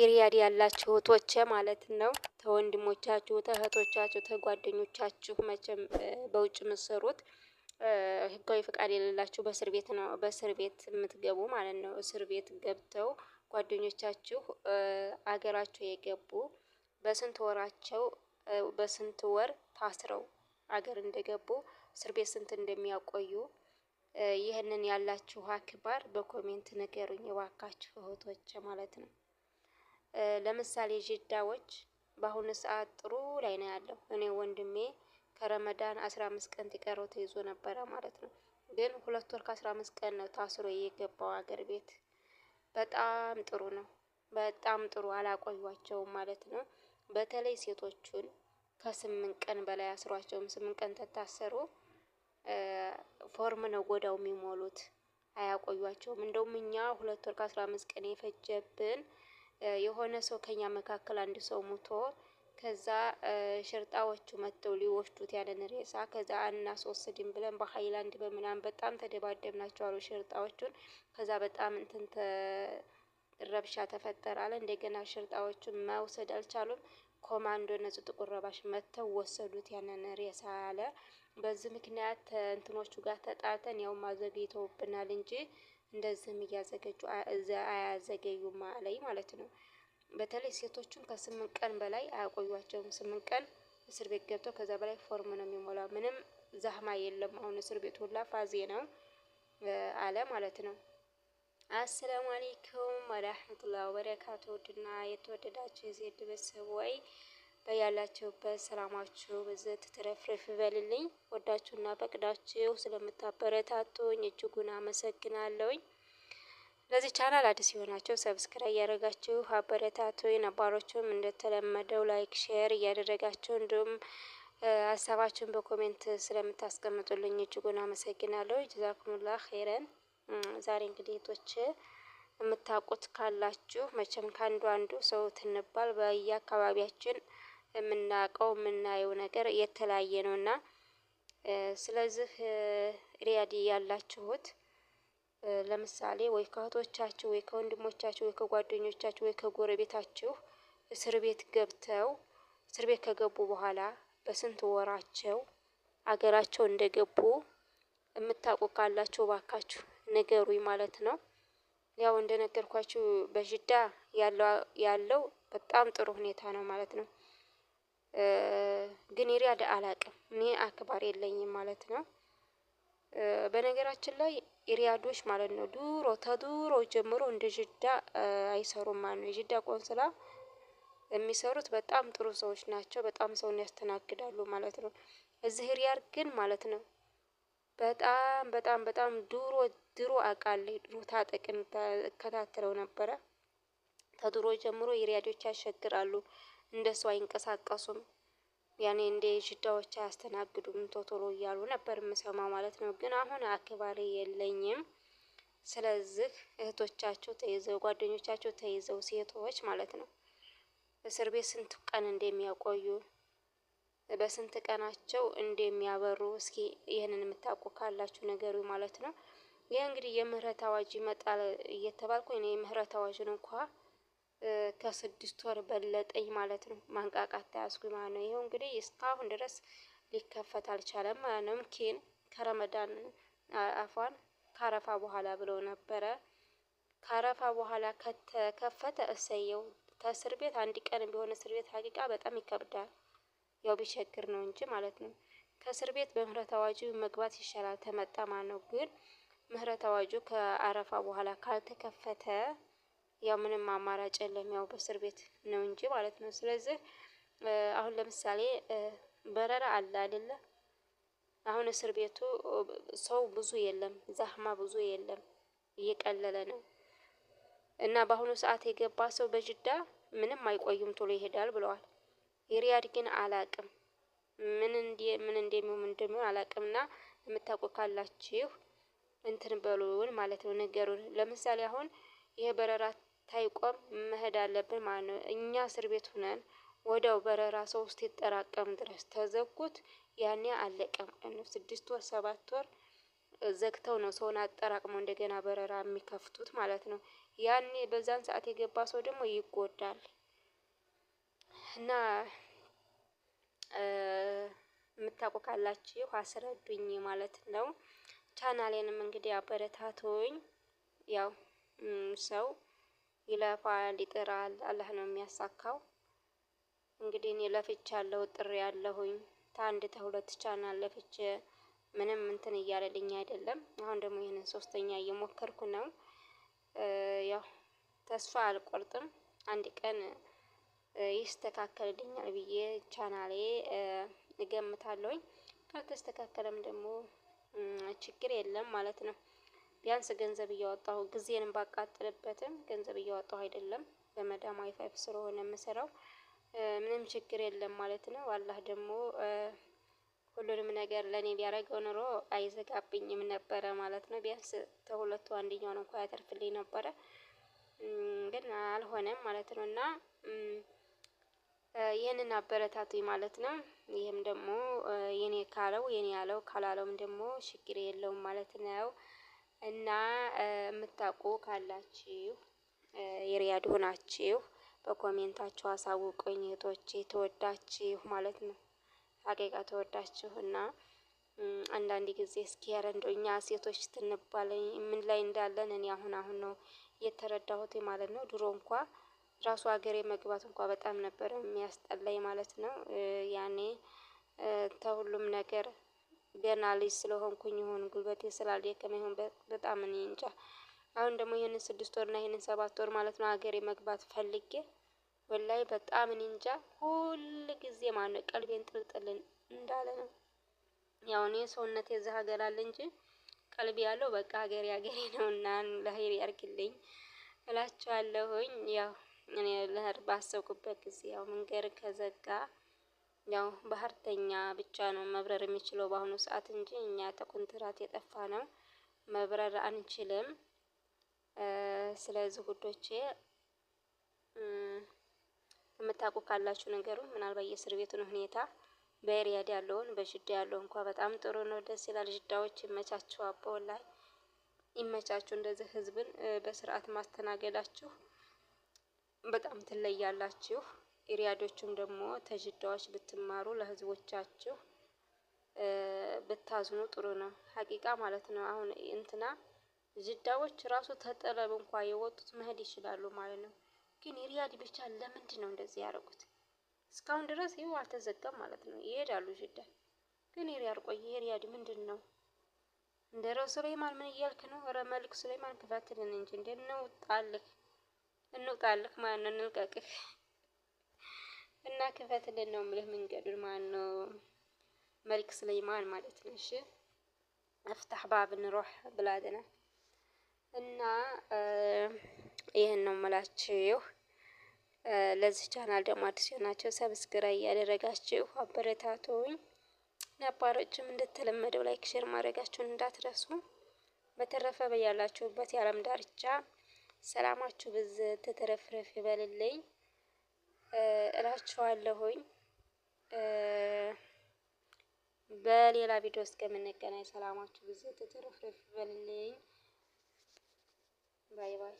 የሪያድ ያላችሁ እህቶቼ ማለት ነው ተወንድሞቻችሁ፣ ተእህቶቻችሁ፣ ተጓደኞቻችሁ መቼም በውጭ የምትሰሩት ህጋዊ ፈቃድ የሌላችሁ በእስር ቤት ነው በእስር ቤት የምትገቡ ማለት ነው። እስር ቤት ገብተው ጓደኞቻችሁ አገራቸው የገቡ በስንት ወራቸው በስንት ወር ታስረው አገር እንደገቡ እስር ቤት ስንት እንደሚያቆዩ ይህንን ያላችሁ አክባር በኮሜንት ነገሩኝ እባካችሁ እህቶች ማለት ነው። ለምሳሌ ጅዳዎች በአሁኑ ሰዓት ጥሩ ላይ ነው ያለው። እኔ ወንድሜ ከረመዳን አስራ አምስት ቀን ሲቀረው ተይዞ ነበረ ማለት ነው። ግን ሁለት ወር ከአስራ አምስት ቀን ነው ታስሮ የገባው ሀገር ቤት። በጣም ጥሩ ነው። በጣም ጥሩ አላቆዩቸውም ማለት ነው። በተለይ ሴቶቹን ከስምንት ቀን በላይ አስሯቸውም። ስምንት ቀን ተታሰሩ ፎርም ነው ጎዳው የሚሞሉት አያቆዩቸውም። እንደውም እኛ ሁለት ወር ከአስራ አምስት ቀን የፈጀብን የሆነ ሰው ከኛ መካከል አንድ ሰው ሙቶ ከዛ ሽርጣዎቹ መጥተው ሊወስዱት ያለን ሬሳ ከዛ እናስወስድም ብለን በሀይላንድ በምናምን በጣም ተደባደብናቸው አሉ ሽርጣዎቹን። ከዛ በጣም እንትን ረብሻ ተፈጠረ አለ። እንደገና ሽርጣዎቹን መውሰድ አልቻሉም። ኮማንዶ እነዚህ ጥቁር ረባሽ መጥተው ወሰዱት ያንን ሬሳ አለ። በዚህ ምክንያት እንትኖቹ ጋር ተጣልተን ያው ማዘግይተውብናል እንጂ እንደዚህም እያዘገጁ አያዘገዩም ላይ ማለት ነው። በተለይ ሴቶቹን ከስምንት ቀን በላይ አያቆዩቸውም። ስምንት ቀን እስር ቤት ገብተው ከዛ በላይ ፎርም ነው የሚሞላው። ምንም ዛህማ የለም። አሁን እስር ቤት ሁላ ፋዜ ነው አለ ማለት ነው። አሰላሙ አሌይኩም ወረህመቱላሂ ወበረካቱ ድና የተወደዳችሁ የዜድ ቤተሰብ ወይ በያላችሁበት ሰላማችሁ ብዝት ትረፍረፍ ይበልልኝ። ወዳችሁና ፈቅዳችሁ ስለምታበረታቱኝ እጅጉን አመሰግናለሁኝ። ለዚህ ቻናል አዲስ የሆናችሁ ሰብስክራይብ እያደረጋችሁ አበረታቱኝ። ነባሮችም እንደተለመደው ላይክ፣ ሼር እያደረጋችሁ እንዲሁም ሀሳባችሁን በኮሜንት ስለምታስቀምጡልኝ እጅጉን አመሰግናለሁ። ጀዛኩሙላ ኸይረን። ዛሬ እንግዲህ ቶች የምታውቁት ካላችሁ መቼም ከአንዱ አንዱ ሰው ትንባል በየአካባቢያችን የምናውቀው የምናየው ነገር የተለያየ ነው እና ስለዚህ ሪያድ ያላችሁት ለምሳሌ ወይ ከእህቶቻችሁ ወይ ከወንድሞቻችሁ ወይ ከጓደኞቻችሁ ወይ ከጎረቤታችሁ እስር ቤት ገብተው እስር ቤት ከገቡ በኋላ በስንት ወራቸው አገራቸው እንደገቡ የምታውቁ ካላችሁ ባካችሁ ንገሩኝ ማለት ነው። ያው እንደነገርኳችሁ በጅዳ ያለው በጣም ጥሩ ሁኔታ ነው ማለት ነው። ግን ሪያድ አላቅም እኔ አክባሪ የለኝም ማለት ነው። በነገራችን ላይ ሪያዶች ማለት ነው ዱሮ ተዱሮ ጀምሮ እንደ ጅዳ አይሰሩም ማለት ነው። የጅዳ ቆንስላ የሚሰሩት በጣም ጥሩ ሰዎች ናቸው። በጣም ሰውን ያስተናግዳሉ ማለት ነው። እዚህ ሪያድ ግን ማለት ነው በጣም በጣም በጣም ድሮ ድሮ አውቃለሁ ድሮ ታጠቅን እከታተለው ነበረ። ተድሮ ጀምሮ የሪያዶች ያሸግራሉ። እንደ ሰው አይንቀሳቀሱም። ያኔ እንደ ሽዳዎች አያስተናግዱም ቶቶሎ እያሉ ነበር የምሰማ ማለት ነው። ግን አሁን አክባሪ የለኝም። ስለዚህ እህቶቻቸው ተይዘው ጓደኞቻቸው ተይዘው ሴቶች ማለት ነው እስር ቤት ስንት ቀን እንደሚያቆዩ በስንት ቀናቸው እንደሚያበሩ እስኪ ይህንን የምታውቁ ካላችሁ ነገሩ ማለት ነው። ይህ እንግዲህ የምህረት አዋጅ ይመጣል እየተባልኩ እኔ የምህረት አዋጅን እንኳ ከስድስት ወር በለጠኝ ማለት ነው። ማንቃቃት ተያዝኩኝ ማለት ነው። ይኸው እንግዲህ እስካሁን ድረስ ሊከፈት አልቻለም ማለት ነው። ምኪን ከረመዳን አፏን ካረፋ በኋላ ብለው ነበረ። ካረፋ በኋላ ከተከፈተ እሰየው። ከእስር ቤት አንድ ቀን ቢሆን እስር ቤት ሀቂቃ በጣም ይከብዳል። ያው ቢቸግር ነው እንጂ ማለት ነው። ከእስር ቤት በምህረት አዋጁ መግባት ይሻላል ተመጣ ማለት ነው። ግን ምህረት አዋጁ ከአረፋ በኋላ ካልተከፈተ ያው ምንም አማራጭ የለም፣ ያው በእስር ቤት ነው እንጂ ማለት ነው። ስለዚህ አሁን ለምሳሌ በረራ አለ አይደለ? አሁን እስር ቤቱ ሰው ብዙ የለም፣ ዛህማ ብዙ የለም፣ እየቀለለ ነው። እና በአሁኑ ሰዓት የገባ ሰው በጅዳ ምንም አይቆይም፣ ቶሎ ይሄዳል ብለዋል። የሪያድ ግን አላቅም፣ ምን እንዴ ምን እንደሚሆን እንደሚሆን አላቅምና የምታውቁ ካላችሁ እንትን በሉን ማለት ነው፣ ነገሩን። ለምሳሌ አሁን ይሄ በረራ ታይቆም መሄድ አለብን ማለት ነው። እኛ እስር ቤት ሁነን ወዲያው በረራ ሰው ይጠራቀም ድረስ ተዘጉት ያኔ አለቀም። ስድስት ወር ሰባት ወር ዘግተው ነው ሰውን አጠራቅመው እንደገና በረራ የሚከፍቱት ማለት ነው። ያኔ በዛን ሰዓት የገባ ሰው ደግሞ ይጎዳል እና የምታውቁ ካላችሁ አስረዱኝ ማለት ነው። ቻናሌንም እንግዲህ አበረታቱኝ ያው ሰው ይለፋል፣ ይጥራል፣ አላህ ነው የሚያሳካው። እንግዲህ እኔ ለፍቻ ያለው ጥሬ ያለሁኝ ታንድ ተሁለት ቻናል ለፍቼ ምንም እንትን እያለልኝ አይደለም። አሁን ደግሞ ይህንን ሶስተኛ እየሞከርኩ ነው። ያው ተስፋ አልቆርጥም። አንድ ቀን ይስተካከልልኛል ብዬ ቻናሌ እገምታለሁኝ። ካልተስተካከለም ደግሞ ችግር የለም ማለት ነው። ቢያንስ ገንዘብ እያወጣሁ ጊዜንም ባቃጥልበትም ገንዘብ እያወጣሁ አይደለም። በመዳም አይፋይፍ ስለሆነ የምሰራው ምንም ችግር የለም ማለት ነው። አላህ ደግሞ ሁሉንም ነገር ለእኔ ቢያደርገው ኑሮ አይዘጋብኝም ነበረ ማለት ነው። ቢያንስ ከሁለቱ አንደኛውን እንኳ ያተርፍልኝ ነበረ፣ ግን አልሆነም ማለት ነው እና ይህንን አበረታቱኝ ማለት ነው። ይህም ደግሞ የኔ ካለው የኔ ያለው ካላለውም ደግሞ ችግር የለውም ማለት ነው። እና የምታውቁ ካላችሁ የሪያድ ሆናችሁ በኮሜንታችሁ አሳውቁኝ እህቶቼ፣ ተወዳችሁ ማለት ነው ሀቂቃ ተወዳችሁ እና አንዳንድ ጊዜ እስኪ ኧረ እንደው እኛ ሴቶች ትንባለኝ ምን ላይ እንዳለን እኔ አሁን አሁን ነው እየተረዳሁት ማለት ነው። ድሮ እንኳ ራሱ ሀገሬ መግባት እንኳ በጣም ነበረ የሚያስጠላኝ ማለት ነው ያኔ ተሁሉም ነገር ገና ልጅ ስለሆንኩኝ ይሁን ጉልበቴ ስላልደከመ ይሁን በጣም እኔ እንጃ። አሁን ደግሞ ይህንን ስድስት ወርና ይህንን ሰባት ወር ማለት ነው ሀገሬ መግባት ፈልጌ ወላይ በጣም እኔ እንጃ። ሁል ጊዜ ማነው ቀልቤን ጥልጥልን እንዳለ ነው። ያው እኔ ሰውነት እዚህ ሀገር አለ እንጂ ቀልብ ያለው በቃ ሀገሬ ሀገሬ ነው እና ለሀይር ያርግልኝ እላችኋለሁኝ። ያው እኔ ለህር ባሰብኩበት ጊዜ ያው መንገድ ከዘጋ ያው ባህርተኛ ብቻ ነው መብረር የሚችለው በአሁኑ ሰዓት እንጂ እኛ ተኮንትራት የጠፋ ነው መብረር አንችልም። ስለዚህ ውዶቼ የምታውቁ ካላችሁ ነገሩ ምናልባት የእስር ቤቱን ሁኔታ በሪያድ ያለውን በጅዳ ያለው እንኳ በጣም ጥሩ ነው፣ ደስ ይላል። ጅዳዎች ይመቻችሁ፣ አቦላይ ይመቻችሁ። እንደዚህ ህዝብን በስርዓት ማስተናገዳችሁ በጣም ትለያላችሁ። ኢሪያዶቹም ደግሞ ተጅዳዎች ብትማሩ ለህዝቦቻችሁ ብታዝኑ ጥሩ ነው። ሀቂቃ ማለት ነው። አሁን እንትና ጅዳዎች ራሱ ተጠለብ እንኳ የወጡት መሄድ ይችላሉ ማለት ነው። ግን ኢሪያድ ብቻ ለምንድን ነው እንደዚህ ያደረጉት? እስካሁን ድረስ ይኸው አልተዘጋም ማለት ነው። ይሄዳሉ ጅዳ ግን ኢሪያድ ቆይ ኢሪያድ ምንድን ነው? እንደ ረው ሱሌይማን ምን እያልክ ነው? ረ መልክ ሱሌይማን ክፈትልን እንጂ እንዴ እንውጣልህ፣ እንውጣልህ ማለት ነው። እንልቀቅህ እና ክፈትልን ነው የምልህ መንገዱን ማን ነው። መልክ ስለይማን ማለት ነው። እሺ አፍታህ ባብ ንሮህ ብላድና እና ይህን ነው የምላችሁ። ለዚህ ቻናል ደግሞ አዲስ የሆናችሁ ሰብስክራይብ እያደረጋችሁ አበረታቱኝ። ነባሮችም እንደተለመደው ላይክ፣ ሼር ማድረጋችሁን እንዳትረሱ። በተረፈ በያላችሁበት የዓለም ዳርቻ ሰላማችሁ ብዝ ተተረፍረፍ ይበልልኝ። እላችኋለሁኝ። በሌላ ቪዲዮ እስከምንገናኝ ሰላማችሁ ብዙ ትትርፍርፍ በልልኝ። ባይ ባይ።